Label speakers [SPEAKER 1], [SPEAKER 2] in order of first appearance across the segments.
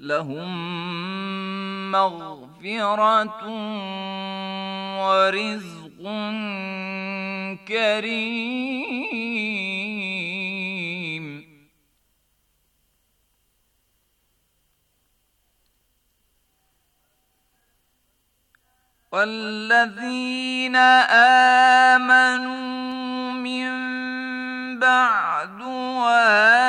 [SPEAKER 1] لهم مغفرة ورزق كريم والذين آمنوا من بعد وآمنوا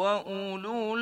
[SPEAKER 1] وأولو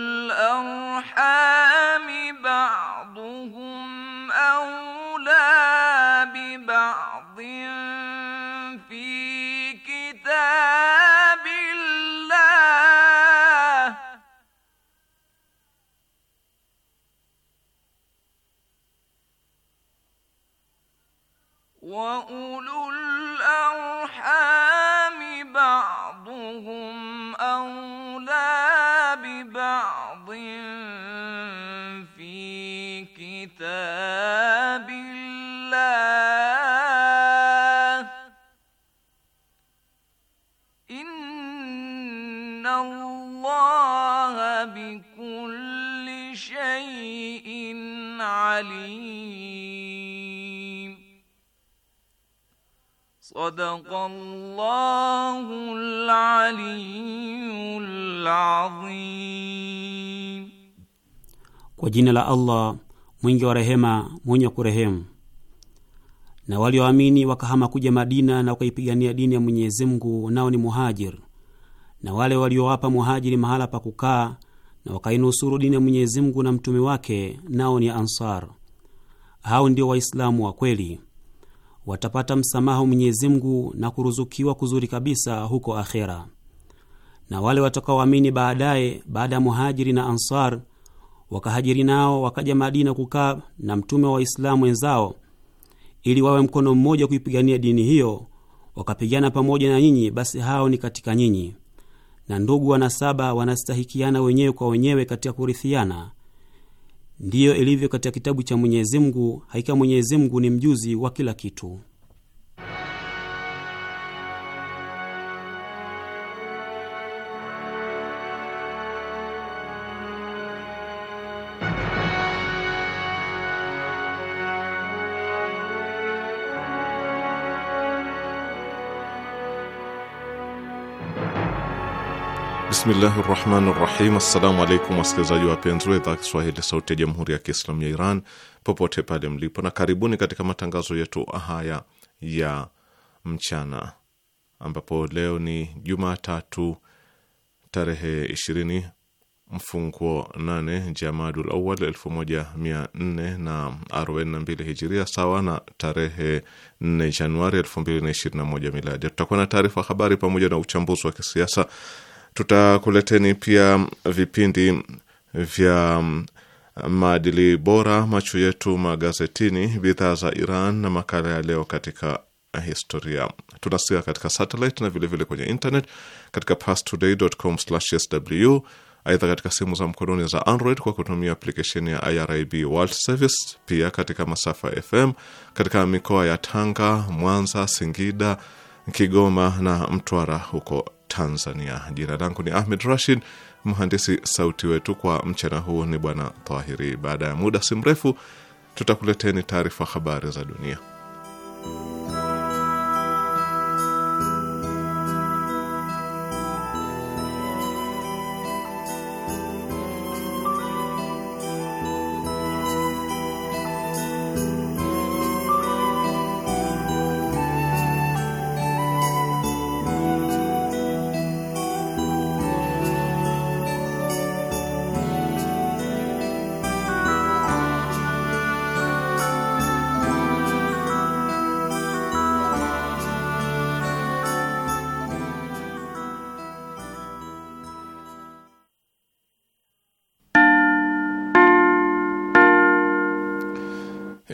[SPEAKER 1] Allahu aliyyul
[SPEAKER 2] azim. Kwa jina la Allah mwingi wa rehema mwenye kurehemu. Na walioamini wa wakahama kuja Madina na wakaipigania dini ya Mwenyezi Mungu, nao ni muhajir na wale waliowapa muhajiri mahala pa kukaa na wakainusuru dini ya Mwenyezi Mungu na mtume wake, nao ni ansar. Hao ndio Waislamu wa kweli watapata msamaha Mwenyezi Mungu na kuruzukiwa kuzuri kabisa huko akhera. Na wale watakaoamini baadaye, baada ya Muhajiri na Ansar wakahajiri nao wakaja Madina kukaa na mtume wa Waislamu wenzao ili wawe mkono mmoja kuipigania dini hiyo, wakapigana pamoja na nyinyi, basi hao ni katika nyinyi, na ndugu wanasaba wanastahikiana wenyewe kwa wenyewe katika kurithiana Ndiyo ilivyo katika kitabu cha Mwenyezi Mungu, hakika Mwenyezi Mungu ni mjuzi wa kila kitu.
[SPEAKER 3] Bismillahi rahmani rahim. Assalamu alaikum wasikilizaji wapenzi wa idhaa Kiswahili sauti ya jamhuri ya Kiislamu ya Iran popote pale mlipo, na karibuni katika matangazo yetu haya ya mchana, ambapo leo ni Jumatatu tarehe 20 mfunguo 8 Jamadul Awal 1442 hijiria sawa na tarehe 4 Januari 2021 miladi. Tutakuwa na taarifa habari pamoja na uchambuzi wa kisiasa Tutakuleteni pia vipindi vya maadili bora, macho yetu magazetini, bidhaa za Iran na makala ya leo katika historia. Tunasikia katika satellite na vilevile vile kwenye internet katika pastoday.com/sw. Aidha, katika simu za mkononi za Android kwa kutumia aplikesheni ya IRIB World Service, pia katika masafa ya FM katika mikoa ya Tanga, Mwanza, Singida, Kigoma na Mtwara huko Tanzania. Jina langu ni Ahmed Rashid, mhandisi sauti wetu kwa mchana huu ni Bwana Tahiri. Baada ya muda si mrefu, tutakuleteni taarifa habari za dunia.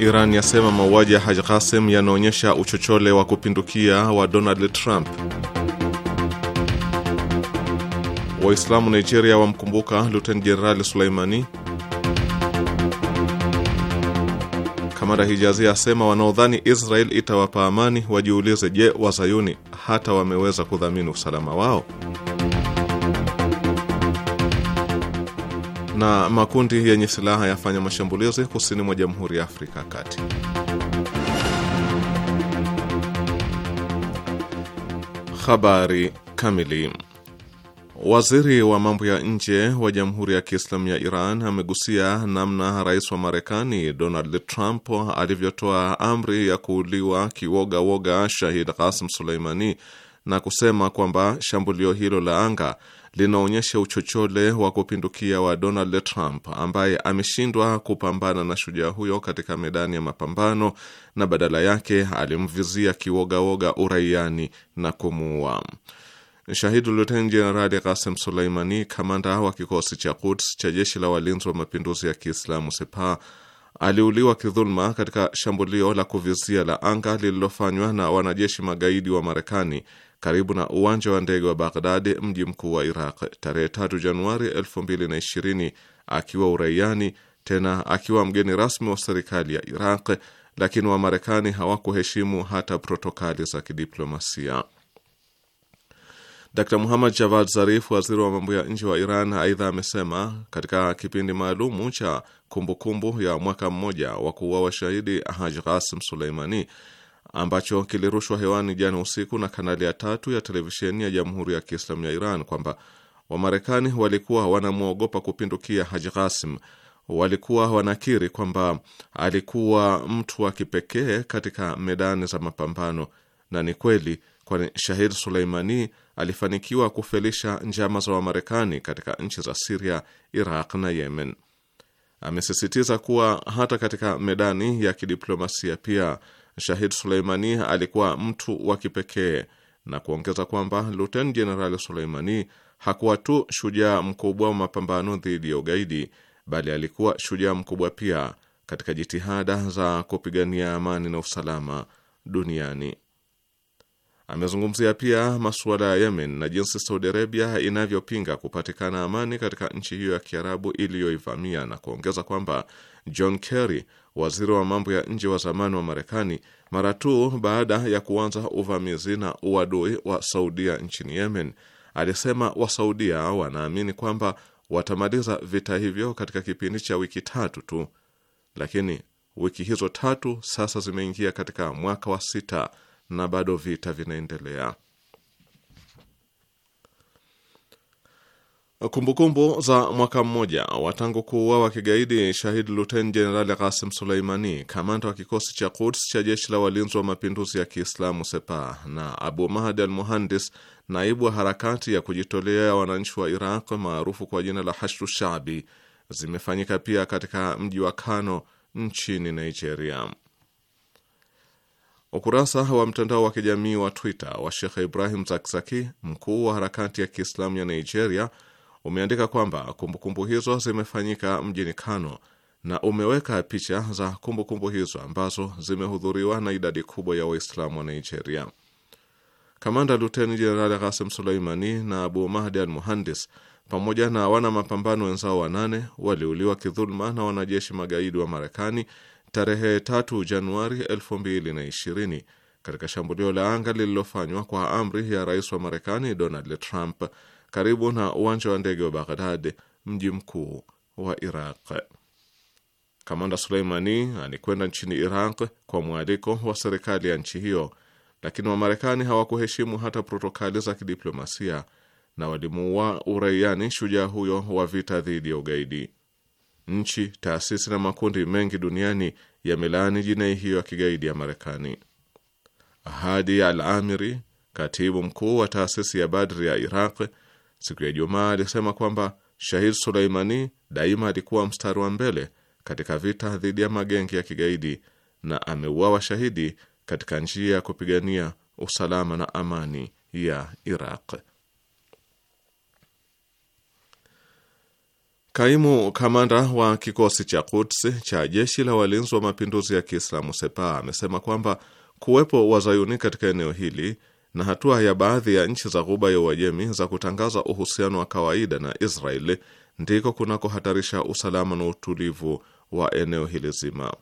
[SPEAKER 3] Iran yasema mauaji ya Haji Qasim yanaonyesha uchochole wa kupindukia wa Donald Trump. Waislamu Nigeria wamkumbuka Luteni Jenerali Suleimani. Kamanda Hijazi asema wanaodhani Israel itawapa amani wajiulize, je, wazayuni hata wameweza kudhamini usalama wao? na makundi yenye silaha yafanya mashambulizi kusini mwa Jamhuri ya Afrika Kati. Habari kamili. Waziri wa mambo ya nje wa Jamhuri ya Kiislamu ya Iran amegusia namna rais wa Marekani Donald Trump alivyotoa amri ya kuuliwa kiwoga woga shahid Qasim Suleimani na kusema kwamba shambulio hilo la anga linaonyesha uchochole wa kupindukia wa Donald Trump ambaye ameshindwa kupambana na shujaa huyo katika medani ya mapambano na badala yake alimvizia kiwogawoga uraiani na kumuua. Shahid Luteni Jenerali Kasem Suleimani, kamanda wa kikosi cha Quds cha jeshi la walinzi wa mapinduzi ya Kiislamu sepa aliuliwa kidhuluma katika shambulio la kuvizia la anga lililofanywa na wanajeshi magaidi wa Marekani karibu na uwanja wa ndege wa Baghdad, mji mkuu wa Iraq, tarehe 3 Januari 2020 akiwa uraiani, tena akiwa mgeni rasmi wa serikali ya Iraq, lakini Wamarekani hawakuheshimu hata protokali za kidiplomasia. Dr Muhammad Javad Zarif, waziri wa mambo ya nje wa Iran, aidha amesema katika kipindi maalumu cha kumbukumbu ya mwaka mmoja wa kuuawa shahidi Haj Qasim Suleimani ambacho kilirushwa hewani jana usiku na kanali ya tatu ya televisheni ya Jamhuri ya Kiislamu ya Iran kwamba Wamarekani walikuwa wanamwogopa kupindukia Haji Ghasim. Walikuwa wanakiri kwamba alikuwa mtu wa kipekee katika medani za mapambano, na ni kweli, kwani Shahid Suleimani alifanikiwa kufelisha njama za Wamarekani katika nchi za Siria, Iraq na Yemen. Amesisitiza kuwa hata katika medani ya kidiplomasia pia Shahid Suleimani alikuwa mtu wa kipekee na kuongeza kwamba Luten Jenerali Suleimani hakuwa tu shujaa mkubwa wa mapambano dhidi ya ugaidi, bali alikuwa shujaa mkubwa pia katika jitihada za kupigania amani na usalama duniani. Amezungumzia pia masuala ya Yemen na jinsi Saudi Arabia inavyopinga kupatikana amani katika nchi hiyo ya Kiarabu iliyoivamia na kuongeza kwamba John Kerry waziri wa mambo ya nje wa zamani wa Marekani mara tu baada ya kuanza uvamizi na uadui wa Saudia nchini Yemen alisema Wasaudia wanaamini kwamba watamaliza vita hivyo katika kipindi cha wiki tatu tu, lakini wiki hizo tatu sasa zimeingia katika mwaka wa sita na bado vita vinaendelea. Kumbukumbu -kumbu za mwaka mmoja wa tangu kuuawa kigaidi shahid luten jenerali Qasim Suleimani, kamanda wa kikosi cha Quds cha jeshi la walinzi wa mapinduzi ya Kiislamu sepa na Abu Mahdi al Muhandis, naibu wa harakati ya kujitolea wananchi wa Iraq maarufu kwa jina la Hashdu Shabi, zimefanyika pia katika mji wa Kano nchini Nigeria. Ukurasa wa mtandao wa kijamii wa Twitter wa Shekh Ibrahim Zakzaki, mkuu wa harakati ya Kiislamu ya Nigeria, umeandika kwamba kumbukumbu kumbu hizo zimefanyika mjini Kano na umeweka picha za kumbukumbu kumbu hizo ambazo zimehudhuriwa na idadi kubwa ya Waislamu wa Nigeria. Kamanda Luteni Jenerali Qasim Suleimani na Abu Mahdi al Muhandis pamoja na wana mapambano wenzao wanane waliuliwa kidhuluma na wanajeshi magaidi wa Marekani tarehe 3 Januari 2020 katika shambulio la anga lililofanywa kwa amri ya rais wa Marekani Donald Trump karibu na uwanja wa ndege wa Baghdad, mji mkuu wa Iraq. Kamanda Suleimani alikwenda nchini Iraq kwa mwaliko wa serikali ya nchi hiyo, lakini Wamarekani hawakuheshimu hata protokali za kidiplomasia na walimuua uraiani shujaa huyo wa vita dhidi ya ugaidi. Nchi, taasisi na makundi mengi duniani yamelaani jinai hiyo ya kigaidi ya Marekani. Hadi Al Amiri, katibu mkuu wa taasisi ya Badri ya Iraq, siku ya Ijumaa alisema kwamba Shahid Suleimani daima alikuwa mstari wa mbele katika vita dhidi ya magengi ya kigaidi na ameuawa shahidi katika njia ya kupigania usalama na amani ya Iraq. Kaimu kamanda wa kikosi cha Quds cha jeshi la walinzi wa mapinduzi ya Kiislamu Sepa amesema kwamba kuwepo wazayuni katika eneo hili na hatua ya baadhi ya nchi za Ghuba ya Uajemi za kutangaza uhusiano wa kawaida na Israeli ndiko kunakohatarisha usalama na utulivu wa eneo hili zima.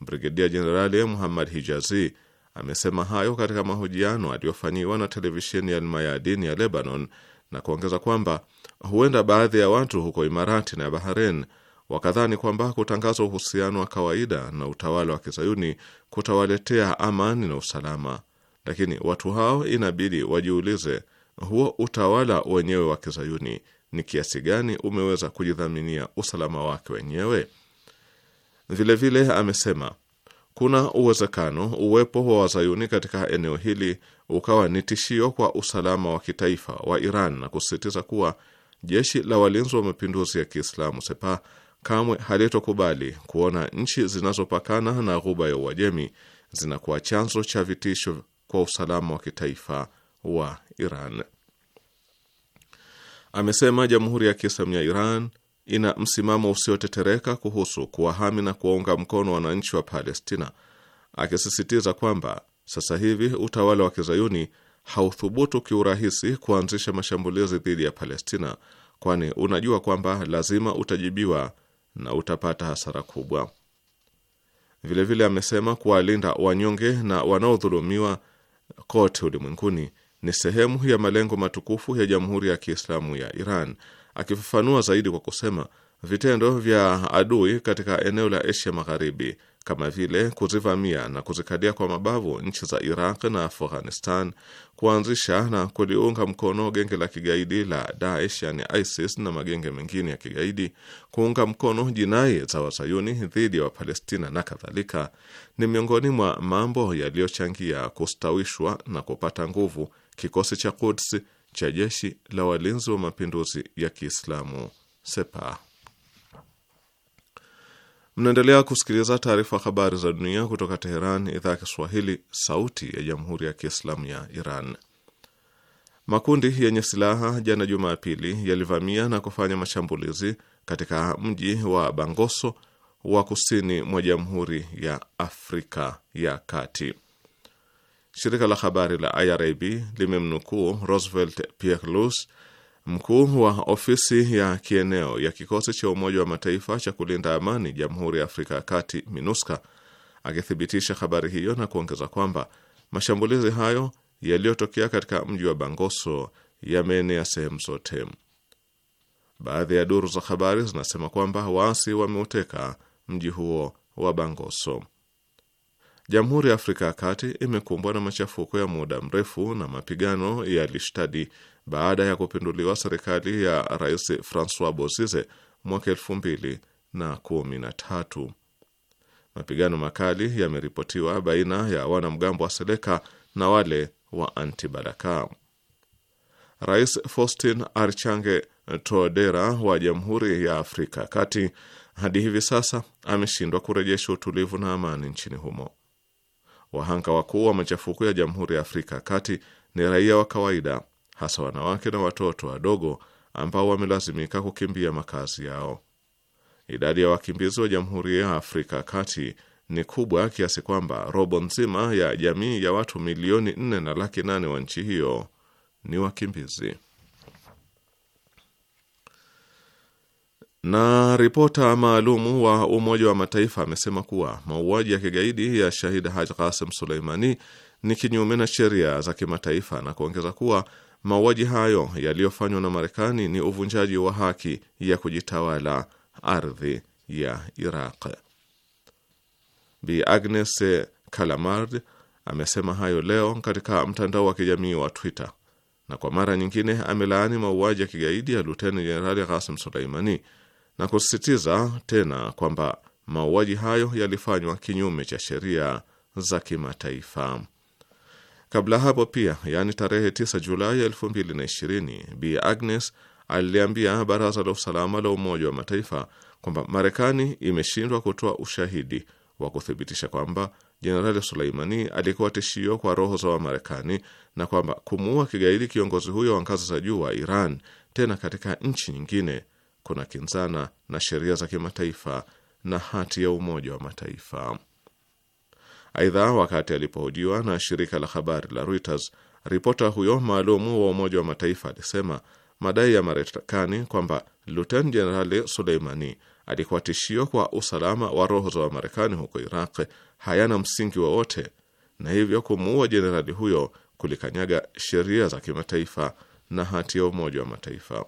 [SPEAKER 3] Brigedia Jenerali Muhammad Hijazi amesema hayo katika mahojiano aliyofanyiwa na televisheni ya Almayadin ya Lebanon na kuongeza kwamba huenda baadhi ya watu huko Imarati na Bahrain wakadhani kwamba kutangaza uhusiano wa kawaida na utawala wa kizayuni kutawaletea amani na usalama lakini watu hao inabidi wajiulize, huo utawala wenyewe wa kizayuni ni kiasi gani umeweza kujidhaminia usalama wake wenyewe? Vilevile vile, amesema kuna uwezekano uwepo wa wazayuni katika eneo hili ukawa ni tishio kwa usalama wa kitaifa wa Iran na kusisitiza kuwa jeshi la walinzi wa mapinduzi ya Kiislamu Sepa kamwe halitokubali kuona nchi zinazopakana na ghuba ya Uajemi zinakuwa chanzo cha vitisho kwa usalama wa kitaifa wa Iran. Amesema Jamhuri ya Kiislamu ya Iran ina msimamo usiotetereka kuhusu kuwahami na kuwaunga mkono wananchi wa Palestina, akisisitiza kwamba sasa hivi utawala wa kizayuni hauthubutu kiurahisi kuanzisha mashambulizi dhidi ya Palestina, kwani unajua kwamba lazima utajibiwa na utapata hasara kubwa. Vilevile vile amesema kuwalinda wanyonge na wanaodhulumiwa kote ulimwenguni ni sehemu ya malengo matukufu ya Jamhuri ya Kiislamu ya Iran. Akifafanua zaidi kwa kusema vitendo vya adui katika eneo la Asia Magharibi kama vile kuzivamia na kuzikalia kwa mabavu nchi za Iraq na Afghanistan, kuanzisha na kuliunga mkono genge la kigaidi la Daesh yani ISIS na magenge mengine ya kigaidi, kuunga mkono jinai za Wazayuni dhidi ya Wapalestina na kadhalika, ni miongoni mwa mambo yaliyochangia kustawishwa na kupata nguvu kikosi cha Quds cha jeshi la walinzi wa mapinduzi ya Kiislamu Sepah. Mnaendelea kusikiliza taarifa habari za dunia kutoka Teheran, idhaa ya Kiswahili, sauti ya jamhuri ya kiislamu ya Iran. Makundi yenye silaha jana Jumapili yalivamia na kufanya mashambulizi katika mji wa Bangoso wa kusini mwa Jamhuri ya Afrika ya Kati. Shirika la habari la IRIB limemnukuu Roosevelt Pierre Mkuu wa ofisi ya kieneo ya kikosi cha Umoja wa Mataifa cha kulinda amani Jamhuri ya Afrika ya Kati, MINUSCA, akithibitisha habari hiyo na kuongeza kwamba mashambulizi hayo yaliyotokea katika mji wa Bangoso yameenea sehemu zote. Baadhi ya duru za habari zinasema kwamba waasi wameuteka mji huo wa Bangoso. Jamhuri ya Afrika ya Kati imekumbwa na machafuko ya muda mrefu na mapigano ya lishtadi baada ya kupinduliwa serikali ya Rais Francois Bozize mwaka elfu mbili na kumi na tatu. Mapigano makali yameripotiwa baina ya wanamgambo wa Seleka na wale wa Antibalaka. Rais Faustin Archange todera wa Jamhuri ya Afrika ya Kati hadi hivi sasa ameshindwa kurejesha utulivu na amani nchini humo. Wahanga wakuu wa machafuko ya Jamhuri ya Afrika ya Kati ni raia wa kawaida hasa wanawake na watoto wadogo ambao wamelazimika kukimbia makazi yao. Idadi ya wakimbizi wa Jamhuri ya Afrika Kati ni kubwa kiasi kwamba robo nzima ya jamii ya watu milioni nne na laki nane wa nchi hiyo ni wakimbizi. Na ripota maalumu wa Umoja wa Mataifa amesema kuwa mauaji ya kigaidi ya shahid Haj Qasim Suleimani ni kinyume na sheria za kimataifa na kuongeza kuwa Mauaji hayo yaliyofanywa na Marekani ni uvunjaji wa haki ya kujitawala ardhi ya Iraq. Bi Agnes Kalamard amesema hayo leo katika mtandao wa kijamii wa Twitter na kwa mara nyingine amelaani mauaji ya kigaidi ya Luteni Jenerali Qasim Suleimani na kusisitiza tena kwamba mauaji hayo yalifanywa kinyume cha sheria za kimataifa. Kabla hapo pia, yaani tarehe 9 Julai 2020, Bi Agnes aliliambia Baraza la Usalama la Umoja wa Mataifa kwamba Marekani imeshindwa kutoa ushahidi wa kuthibitisha kwamba Jenerali Suleimani alikuwa tishio kwa roho za Wamarekani na kwamba kumuua kigaidi kiongozi huyo wa ngazi za juu wa Iran, tena katika nchi nyingine, kuna kinzana na sheria za kimataifa na hati ya Umoja wa Mataifa. Aidha, wakati alipohojiwa na shirika la habari la Reuters, ripota huyo maalumu wa Umoja wa Mataifa alisema madai ya Marekani kwamba Luten Jenerali Suleimani alikuwa tishio kwa usalama wa roho za Wamarekani huko Iraq hayana msingi wowote na hivyo kumuua jenerali huyo kulikanyaga sheria za kimataifa na hati ya Umoja wa Mataifa.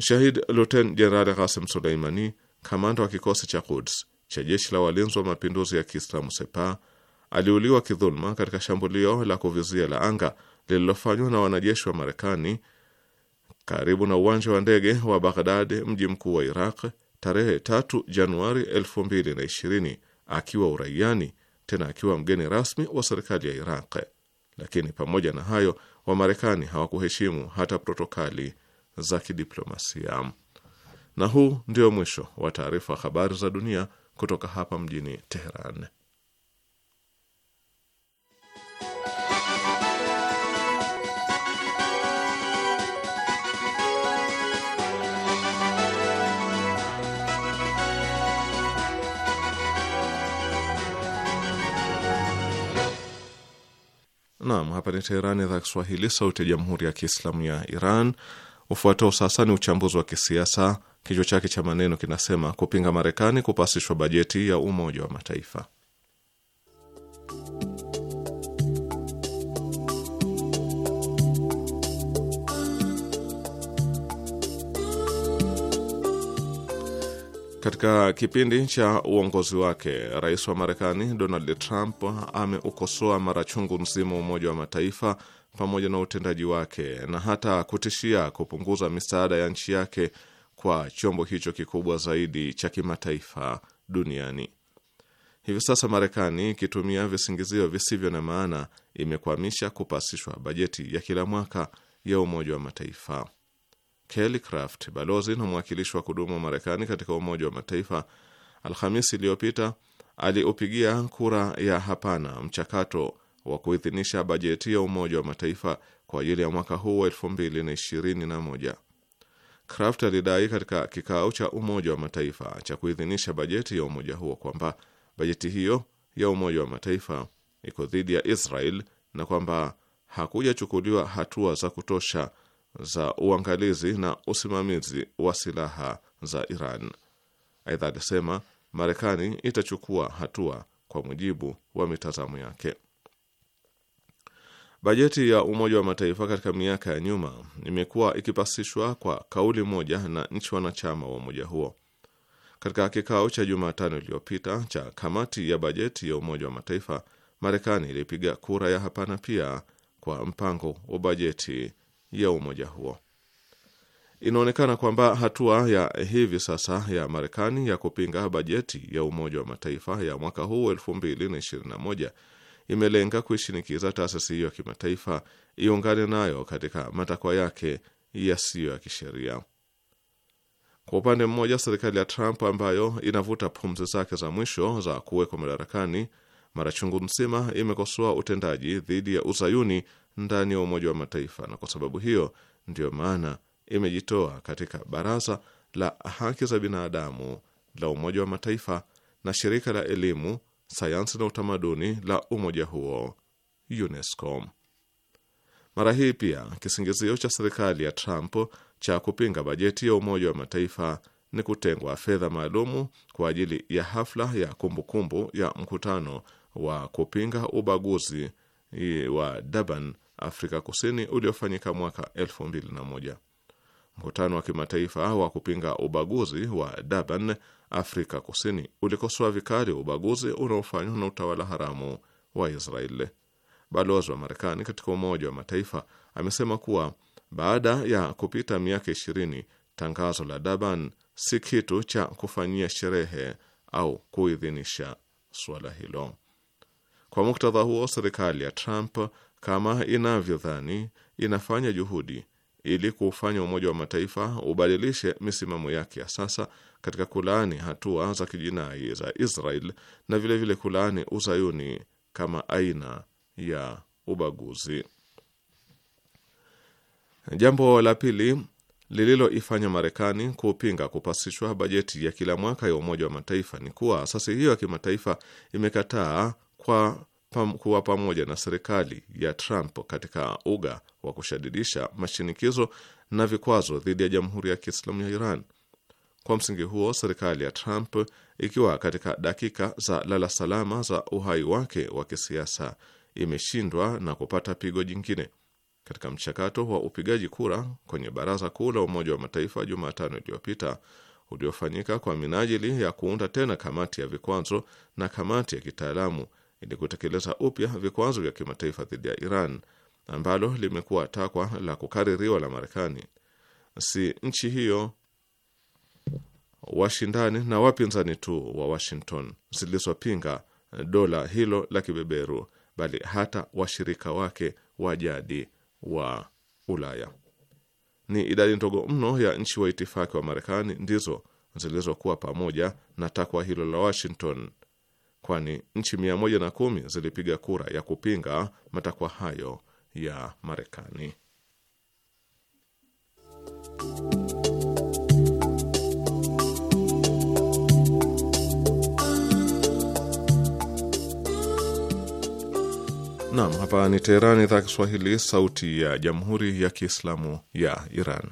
[SPEAKER 3] Shahid Luten Jenerali hasim Suleimani, kamanda wa kikosi cha Quds, cha jeshi la walinzi wa mapinduzi ya Kiislamu sepa aliuliwa kidhuluma katika shambulio la kuvizia la anga lililofanywa na wanajeshi wa Marekani karibu na uwanja wa ndege wa Baghdad, mji mkuu wa Iraq, tarehe 3 Januari 2020 akiwa uraiani, tena akiwa mgeni rasmi wa serikali ya Iraq. Lakini pamoja na hayo, Wamarekani hawakuheshimu hata protokali za kidiplomasia. Na huu ndio mwisho wa taarifa habari za dunia kutoka hapa mjini Teheran. Naam, hapa ni Teherani, idhaa Kiswahili, sauti ya jamhuri ya kiislamu ya Iran. Ufuatao sasa ni uchambuzi wa kisiasa Kichwa chake cha maneno kinasema kupinga Marekani kupasishwa bajeti ya Umoja wa Mataifa. Katika kipindi cha uongozi wake, rais wa Marekani Donald Trump ameukosoa mara chungu mzima Umoja wa Mataifa pamoja na utendaji wake na hata kutishia kupunguza misaada ya nchi yake kwa chombo hicho kikubwa zaidi cha kimataifa duniani. Hivi sasa Marekani ikitumia visingizio visivyo na maana imekwamisha kupasishwa bajeti ya kila mwaka ya Umoja wa Mataifa. Kelly Craft, balozi na mwakilishi wa kudumu wa Marekani katika Umoja wa Mataifa, Alhamisi iliyopita aliupigia kura ya hapana mchakato wa kuidhinisha bajeti ya Umoja wa Mataifa kwa ajili ya mwaka huu wa elfu mbili na ishirini na moja. Kraft alidai katika kikao cha Umoja wa Mataifa cha kuidhinisha bajeti ya umoja huo kwamba bajeti hiyo ya Umoja wa Mataifa iko dhidi ya Israel na kwamba hakujachukuliwa hatua za kutosha za uangalizi na usimamizi wa silaha za Iran. Aidha alisema Marekani itachukua hatua kwa mujibu wa mitazamo yake. Bajeti ya Umoja wa Mataifa katika miaka ya nyuma imekuwa ikipasishwa kwa kauli moja na nchi wanachama wa umoja huo. Katika kikao cha Jumatano iliyopita cha kamati ya bajeti ya Umoja wa Mataifa, Marekani ilipiga kura ya hapana pia kwa mpango wa bajeti ya umoja huo. Inaonekana kwamba hatua ya hivi sasa ya Marekani ya kupinga bajeti ya Umoja wa Mataifa ya mwaka huu 2021 imelenga kuishinikiza taasisi hiyo ya kimataifa iungane nayo katika matakwa yake yasiyo ya kisheria. Kwa upande mmoja, serikali ya Trump ambayo inavuta pumzi zake za mwisho za kuwekwa madarakani, mara chungu mzima imekosoa utendaji dhidi ya uzayuni ndani ya Umoja wa Mataifa, na kwa sababu hiyo ndiyo maana imejitoa katika Baraza la Haki za Binadamu la Umoja wa Mataifa na Shirika la Elimu sayansi na utamaduni la umoja huo UNESCO. Mara hii pia kisingizio cha serikali ya Trump cha kupinga bajeti ya Umoja wa Mataifa ni kutengwa fedha maalumu kwa ajili ya hafla ya kumbukumbu kumbu ya mkutano wa kupinga ubaguzi wa Durban, Afrika Kusini uliofanyika mwaka 21 Mkutano wa kimataifa wa kupinga ubaguzi wa Durban Afrika Kusini ulikosoa vikali ubaguzi unaofanywa na utawala haramu wa Israeli. Balozi wa Marekani katika Umoja wa Mataifa amesema kuwa baada ya kupita miaka ishirini tangazo la Durban si kitu cha kufanyia sherehe au kuidhinisha suala hilo. Kwa muktadha huo, serikali ya Trump kama inavyodhani inafanya juhudi ili kuufanya Umoja wa Mataifa ubadilishe misimamo yake ya sasa katika kulaani hatua za kijinai za Israel na vilevile vile kulaani uzayuni kama aina ya ubaguzi. Jambo la pili lililoifanya Marekani kupinga kupasishwa bajeti ya kila mwaka ya Umoja wa Mataifa ni kuwa asasi hiyo ya kimataifa imekataa kwa kuwa pamoja na serikali ya Trump katika uga wa kushadidisha mashinikizo na vikwazo dhidi ya Jamhuri ya Kiislamu ya Iran. Kwa msingi huo, serikali ya Trump ikiwa katika dakika za lala salama za uhai wake wa kisiasa imeshindwa na kupata pigo jingine katika mchakato wa upigaji kura kwenye Baraza Kuu la Umoja wa Mataifa Jumatano iliyopita uliofanyika kwa minajili ya kuunda tena kamati ya vikwazo na kamati ya kitaalamu ili kutekeleza upya vikwazo vya kimataifa dhidi ya Iran ambalo limekuwa takwa la kukaririwa la Marekani, si nchi hiyo washindani na wapinzani tu wa Washington zilizopinga dola hilo la kibeberu, bali hata washirika wake wa jadi wa Ulaya. Ni idadi ndogo mno ya nchi wa itifaki wa Marekani ndizo zilizokuwa pamoja na takwa hilo la Washington kwani nchi mia moja na kumi zilipiga kura ya kupinga matakwa hayo ya Marekani. nam hapa ni Teherani, idhaa Kiswahili, sauti ya Jamhuri ya Kiislamu ya Iran.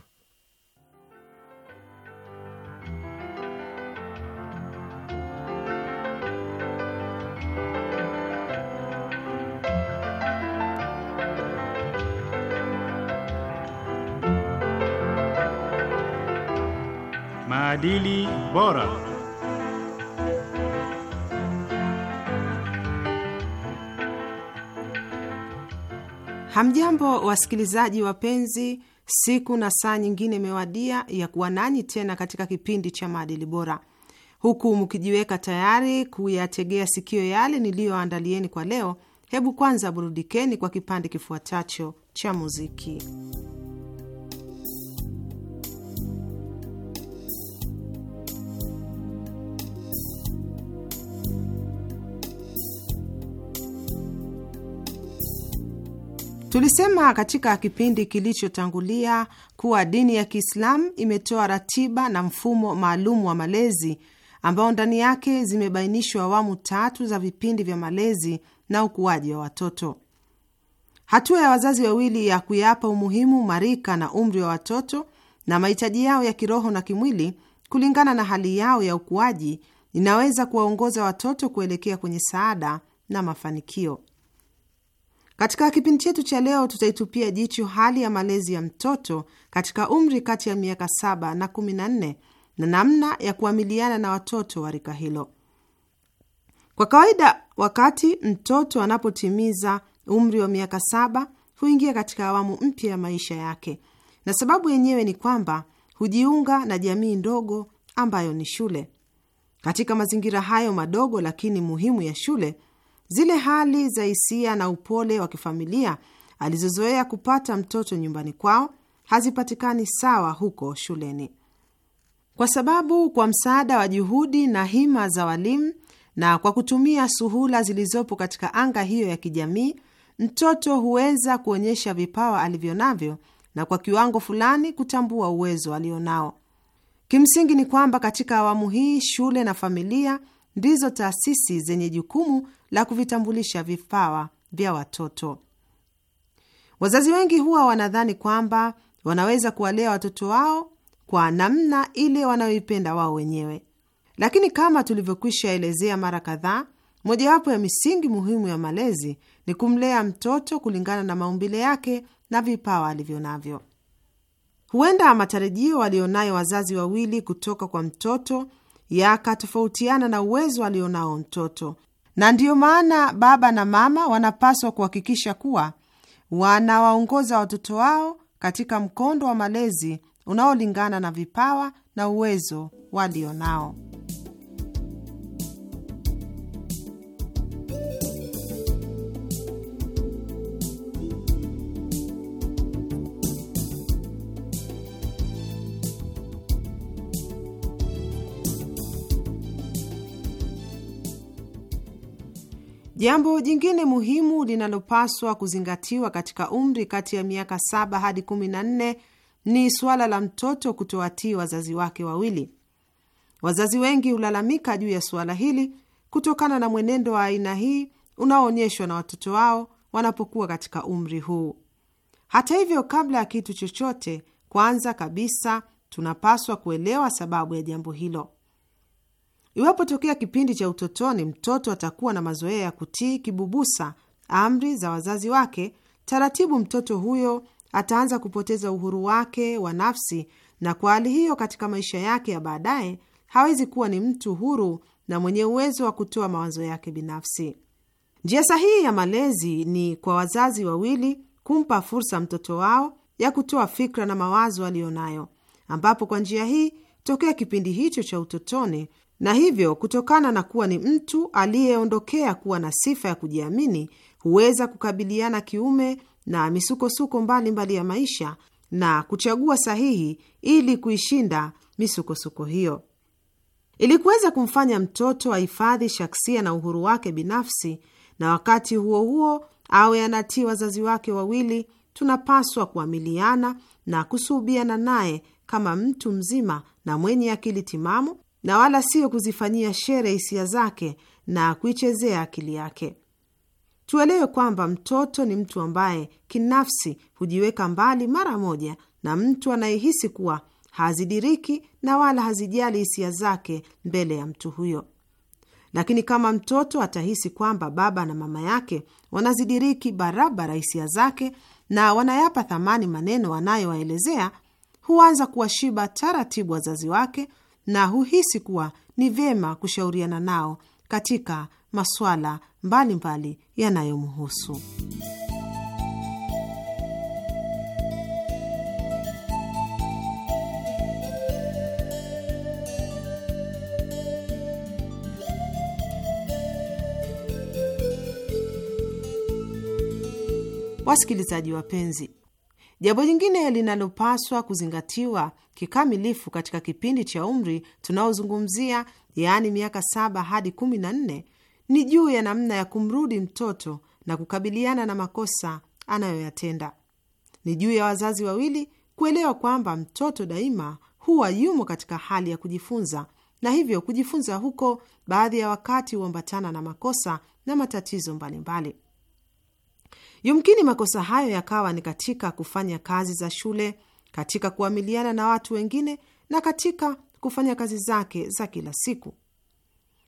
[SPEAKER 2] Maadili Bora.
[SPEAKER 4] Hamjambo wasikilizaji wapenzi, siku na saa nyingine imewadia ya kuwa nanyi tena katika kipindi cha maadili bora, huku mkijiweka tayari kuyategea sikio yale niliyoandalieni kwa leo. Hebu kwanza burudikeni kwa kipande kifuatacho cha muziki. Tulisema katika kipindi kilichotangulia kuwa dini ya Kiislamu imetoa ratiba na mfumo maalum wa malezi ambao ndani yake zimebainishwa awamu tatu za vipindi vya malezi na ukuaji wa watoto. Hatua ya wazazi wawili ya kuyapa umuhimu marika na umri wa watoto na mahitaji yao ya kiroho na kimwili kulingana na hali yao ya ukuaji inaweza kuwaongoza watoto kuelekea kwenye saada na mafanikio. Katika kipindi chetu cha leo tutaitupia jicho hali ya malezi ya mtoto katika umri kati ya miaka saba na kumi na nne na namna ya kuamiliana na watoto wa rika hilo. Kwa kawaida, wakati mtoto anapotimiza umri wa miaka saba huingia katika awamu mpya ya maisha yake, na sababu yenyewe ni kwamba hujiunga na jamii ndogo ambayo ni shule. Katika mazingira hayo madogo lakini muhimu ya shule Zile hali za hisia na upole wa kifamilia alizozoea kupata mtoto nyumbani kwao hazipatikani sawa huko shuleni, kwa sababu kwa msaada wa juhudi na hima za walimu na kwa kutumia suhula zilizopo katika anga hiyo ya kijamii, mtoto huweza kuonyesha vipawa alivyo navyo na kwa kiwango fulani kutambua uwezo alionao. Kimsingi ni kwamba katika awamu hii shule na familia ndizo taasisi zenye jukumu la kuvitambulisha vipawa vya watoto. Wazazi wengi huwa wanadhani kwamba wanaweza kuwalea watoto wao kwa namna ile wanayoipenda wao wenyewe, lakini kama tulivyokwisha elezea mara kadhaa, mojawapo ya misingi muhimu ya malezi ni kumlea mtoto kulingana na maumbile yake na vipawa alivyo navyo. Huenda matarajio walionayo wazazi wawili kutoka kwa mtoto yakatofautiana na uwezo alionao mtoto, na ndiyo maana baba na mama wanapaswa kuhakikisha kuwa wanawaongoza watoto wao katika mkondo wa malezi unaolingana na vipawa na uwezo walionao. Jambo jingine muhimu linalopaswa kuzingatiwa katika umri kati ya miaka saba hadi kumi na nne ni suala la mtoto kutoatii wazazi wake wawili. Wazazi wengi hulalamika juu ya suala hili kutokana na mwenendo wa aina hii unaoonyeshwa na watoto wao wanapokuwa katika umri huu. Hata hivyo, kabla ya kitu chochote, kwanza kabisa tunapaswa kuelewa sababu ya jambo hilo. Iwapo tokea kipindi cha utotoni mtoto atakuwa na mazoea ya kutii kibubusa amri za wazazi wake, taratibu mtoto huyo ataanza kupoteza uhuru wake wa nafsi, na kwa hali hiyo, katika maisha yake ya baadaye hawezi kuwa ni mtu huru na mwenye uwezo wa kutoa mawazo yake binafsi. Njia sahihi ya malezi ni kwa wazazi wawili kumpa fursa mtoto wao ya kutoa fikra na mawazo aliyo nayo ambapo kwa njia hii tokea kipindi hicho cha utotoni na hivyo kutokana na kuwa ni mtu aliyeondokea kuwa na sifa ya kujiamini, huweza kukabiliana kiume na misukosuko mbalimbali ya maisha na kuchagua sahihi ili kuishinda misukosuko hiyo. Ili kuweza kumfanya mtoto ahifadhi shaksia na uhuru wake binafsi, na wakati huo huo awe anatii wazazi wake wawili, tunapaswa kuamiliana na kusuhubiana naye kama mtu mzima na mwenye akili timamu na wala siyo kuzifanyia shere hisia zake na kuichezea akili yake. Tuelewe kwamba mtoto ni mtu ambaye kinafsi hujiweka mbali mara moja na mtu anayehisi kuwa hazidiriki na wala hazijali hisia zake mbele ya mtu huyo. Lakini kama mtoto atahisi kwamba baba na mama yake wanazidiriki barabara hisia zake na wanayapa thamani maneno anayowaelezea, huanza kuwashiba taratibu wazazi wake na huhisi kuwa ni vyema kushauriana nao katika masuala mbalimbali yanayomhusu. Wasikilizaji wapenzi, Jambo jingine linalopaswa kuzingatiwa kikamilifu katika kipindi cha umri tunaozungumzia, yaani miaka saba hadi kumi na nne, ni juu ya namna ya kumrudi mtoto na kukabiliana na makosa anayoyatenda. Ni juu ya wazazi wawili kuelewa kwamba mtoto daima huwa yumo katika hali ya kujifunza, na hivyo kujifunza huko baadhi ya wakati huambatana na makosa na matatizo mbalimbali. Yumkini makosa hayo yakawa ni katika kufanya kazi za shule, katika kuamiliana na watu wengine na katika kufanya kazi zake za kila siku.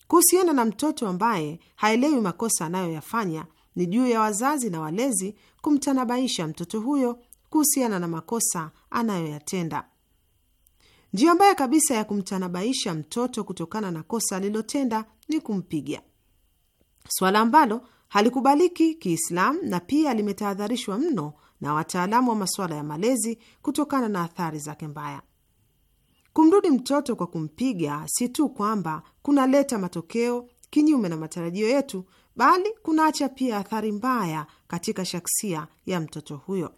[SPEAKER 4] Kuhusiana na mtoto ambaye haelewi makosa anayoyafanya, ni juu ya wazazi na walezi kumtanabaisha mtoto huyo kuhusiana na makosa anayoyatenda. Njia mbaya kabisa ya kumtanabaisha mtoto kutokana na kosa alilotenda ni kumpiga, swala ambalo halikubaliki Kiislamu na pia limetahadharishwa mno na wataalamu wa masuala ya malezi kutokana na athari zake mbaya. Kumrudi mtoto kwa kumpiga si tu kwamba kunaleta matokeo kinyume na matarajio yetu, bali kunaacha pia athari mbaya katika shaksia ya mtoto huyo.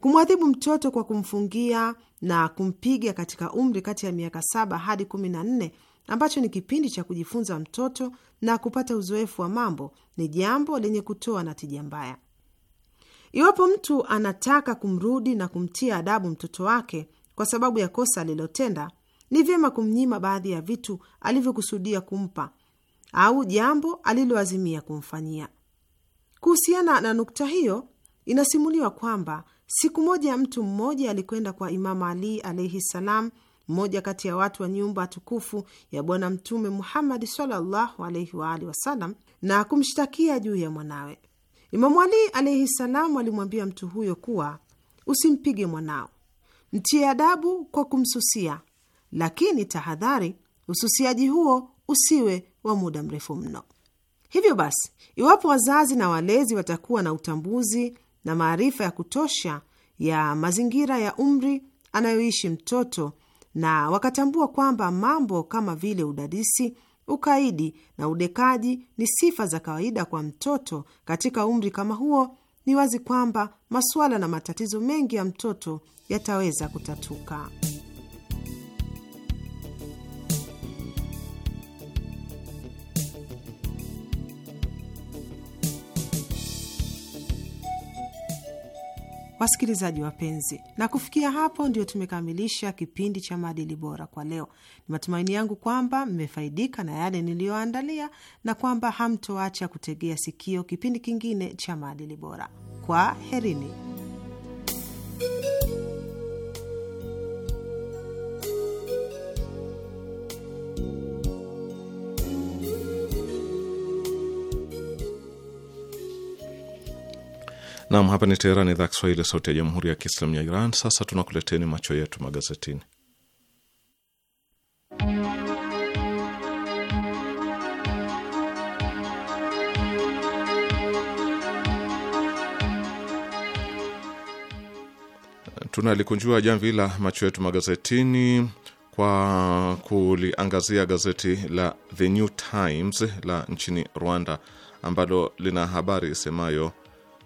[SPEAKER 4] Kumwadhibu mtoto kwa kumfungia na kumpiga katika umri kati ya miaka saba hadi kumi na nne ambacho ni kipindi cha kujifunza mtoto na kupata uzoefu wa mambo, ni jambo lenye kutoa na tija mbaya. Iwapo mtu anataka kumrudi na kumtia adabu mtoto wake kwa sababu ya kosa alilotenda, ni vyema kumnyima baadhi ya vitu alivyokusudia kumpa au jambo aliloazimia kumfanyia. Kuhusiana na nukta hiyo, inasimuliwa kwamba siku moja mtu mmoja alikwenda kwa Imamu Ali alaihi salam mmoja kati ya watu wa nyumba tukufu ya Bwana Mtume Muhammadi sallallahu alaihi wasalam, na kumshtakia juu ya mwanawe. Imamu Ali alaihi salam alimwambia mtu huyo kuwa usimpige mwanao, mtie adabu kwa kumsusia, lakini tahadhari, ususiaji huo usiwe wa muda mrefu mno. Hivyo basi, iwapo wazazi na walezi watakuwa na utambuzi na maarifa ya kutosha ya mazingira ya umri anayoishi mtoto na wakatambua kwamba mambo kama vile udadisi, ukaidi na udekaji ni sifa za kawaida kwa mtoto katika umri kama huo, ni wazi kwamba masuala na matatizo mengi ya mtoto yataweza kutatuka. Wasikilizaji wapenzi, na kufikia hapo ndio tumekamilisha kipindi cha maadili bora kwa leo. Ni matumaini yangu kwamba mmefaidika na yale niliyoandalia na kwamba hamtoacha kutegea sikio kipindi kingine cha maadili bora. Kwa herini.
[SPEAKER 3] Nam, hapa ni Teheran, idhaa Kiswahili, sauti ya jamhuri ya kiislamu ya Iran. Sasa tunakuleteni macho yetu magazetini. Tunalikunjua jamvi la macho yetu magazetini kwa kuliangazia gazeti la The New Times la nchini Rwanda ambalo lina habari isemayo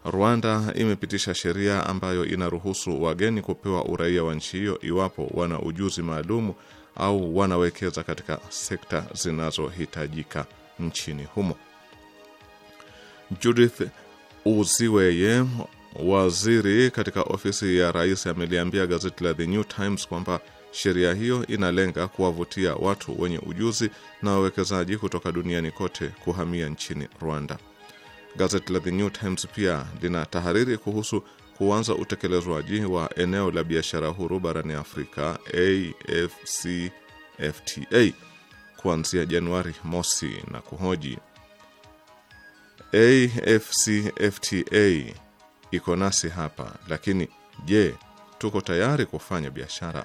[SPEAKER 3] Rwanda imepitisha sheria ambayo inaruhusu wageni kupewa uraia wa nchi hiyo iwapo wana ujuzi maalumu au wanawekeza katika sekta zinazohitajika nchini humo. Judith Uziweye, waziri katika ofisi ya rais, ameliambia gazeti la The New Times kwamba sheria hiyo inalenga kuwavutia watu wenye ujuzi na wawekezaji kutoka duniani kote kuhamia nchini Rwanda. Gazeti la The New Times pia lina tahariri kuhusu kuanza utekelezwaji wa eneo la biashara huru barani Afrika AfCFTA kuanzia Januari mosi na kuhoji AfCFTA iko nasi hapa, lakini je, tuko tayari kufanya biashara?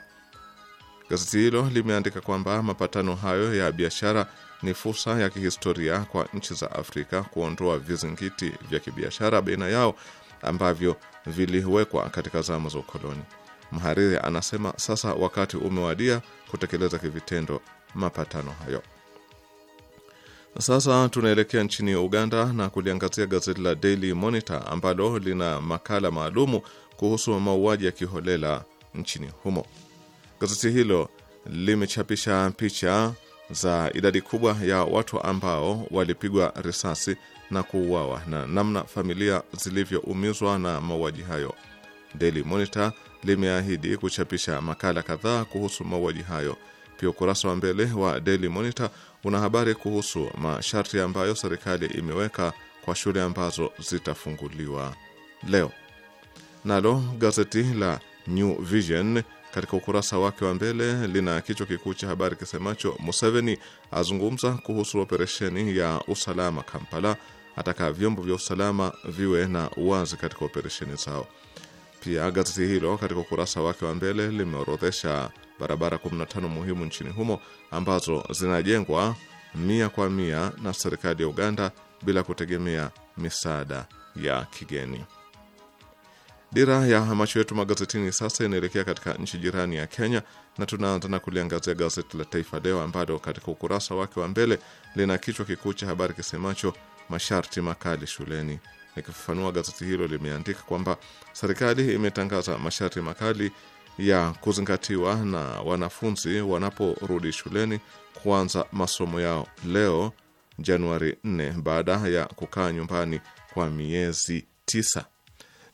[SPEAKER 3] Gazeti hilo limeandika kwamba mapatano hayo ya biashara ni fursa ya kihistoria kwa nchi za Afrika kuondoa vizingiti vya kibiashara baina yao ambavyo viliwekwa katika zama za ukoloni. Mhariri anasema sasa wakati umewadia kutekeleza kivitendo mapatano hayo. Sasa tunaelekea nchini Uganda na kuliangazia gazeti la Daily Monitor ambalo lina makala maalumu kuhusu mauaji ya kiholela nchini humo. Gazeti hilo limechapisha picha za idadi kubwa ya watu ambao walipigwa risasi na kuuawa na namna familia zilivyoumizwa na mauaji hayo. Daily Monitor limeahidi kuchapisha makala kadhaa kuhusu mauaji hayo. Pia ukurasa wa mbele wa Daily Monitor una habari kuhusu masharti ambayo serikali imeweka kwa shule ambazo zitafunguliwa leo. Nalo gazeti la New Vision katika ukurasa wake wa mbele lina kichwa kikuu cha habari kisemacho Museveni azungumza kuhusu operesheni ya usalama Kampala, ataka vyombo vya usalama viwe na uwazi katika operesheni zao. Pia gazeti hilo katika ukurasa wake wa mbele limeorodhesha barabara 15 muhimu nchini humo ambazo zinajengwa mia kwa mia na serikali ya Uganda bila kutegemea misaada ya kigeni. Dira ya macho yetu magazetini sasa inaelekea katika nchi jirani ya Kenya, na tunaanza na kuliangazia gazeti la Taifa Leo ambalo katika ukurasa wake wa mbele lina kichwa kikuu cha habari kisemacho masharti makali shuleni. Nikifafanua, gazeti hilo limeandika kwamba serikali imetangaza masharti makali ya kuzingatiwa na wanafunzi wanaporudi shuleni kuanza masomo yao leo Januari 4 baada ya kukaa nyumbani kwa miezi tisa.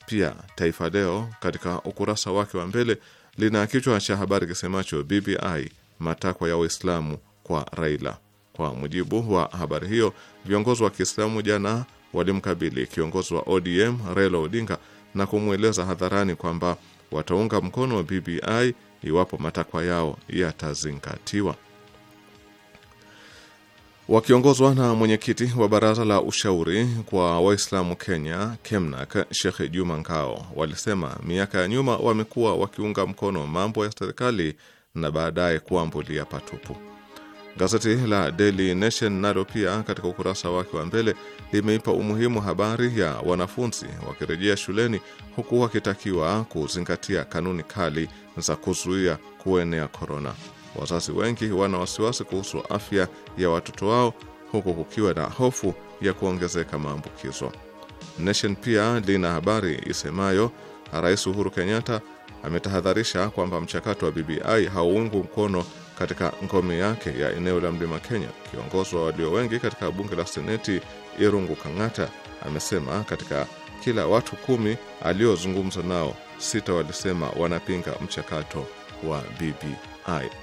[SPEAKER 3] Pia Taifa Leo katika ukurasa wake wa mbele lina kichwa cha habari kisemacho BBI matakwa ya Waislamu kwa Raila. Kwa mujibu wa habari hiyo, viongozi wa Kiislamu jana walimkabili kiongozi wa ODM Raila Odinga na kumweleza hadharani kwamba wataunga mkono BBI iwapo matakwa yao yatazingatiwa wakiongozwa na mwenyekiti wa baraza la ushauri kwa Waislamu Kenya KEMNAK Shekh Juma Ngao walisema miaka ya nyuma wamekuwa wakiunga mkono mambo ya serikali na baadaye kuambulia patupu. Gazeti la Daily Nation nalo pia katika ukurasa wake wa mbele limeipa umuhimu habari ya wanafunzi wakirejea shuleni huku wakitakiwa kuzingatia kanuni kali za kuzuia kuenea korona. Wazazi wengi wana wasiwasi kuhusu afya ya watoto wao huku kukiwa na hofu ya kuongezeka maambukizo. Nation pia lina habari isemayo Rais Uhuru Kenyatta ametahadharisha kwamba mchakato wa BBI hauungwi mkono katika ngome yake ya eneo la Mlima Kenya. Kiongozi wa walio wengi katika bunge la Seneti Irungu Kang'ata amesema katika kila watu kumi aliozungumza nao, sita walisema wanapinga mchakato wa BBI.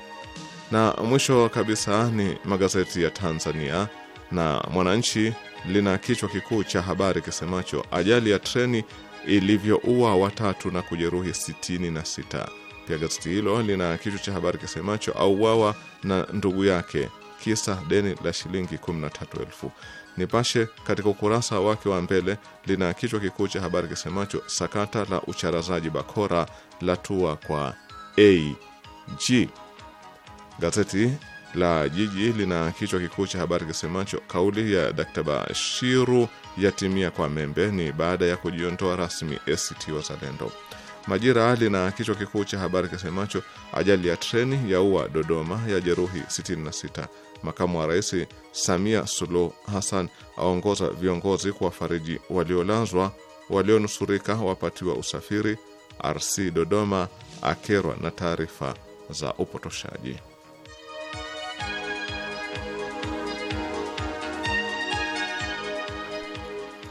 [SPEAKER 3] Na mwisho kabisa ni magazeti ya Tanzania, na Mwananchi lina kichwa kikuu cha habari kisemacho ajali ya treni ilivyoua watatu na kujeruhi sitini na sita. Pia gazeti hilo lina kichwa cha habari kisemacho auawa na ndugu yake kisa deni la shilingi 13,000. Nipashe katika ukurasa wake wa mbele lina kichwa kikuu cha habari kisemacho sakata la ucharazaji bakora latua kwa AG. Gazeti la Jiji lina kichwa kikuu cha habari kisemacho kauli ya Dkt Bashiru yatimia kwa Membe ni baada ya kujiondoa rasmi ACT Wazalendo. Majira lina kichwa kikuu cha habari kisemacho ajali ya treni yaua Dodoma ya jeruhi 66. Makamu wa Rais Samia Suluhu Hassan aongoza viongozi fariji waliolazwa, walionusurika wapatiwa usafiri. RC Dodoma akerwa na taarifa za upotoshaji.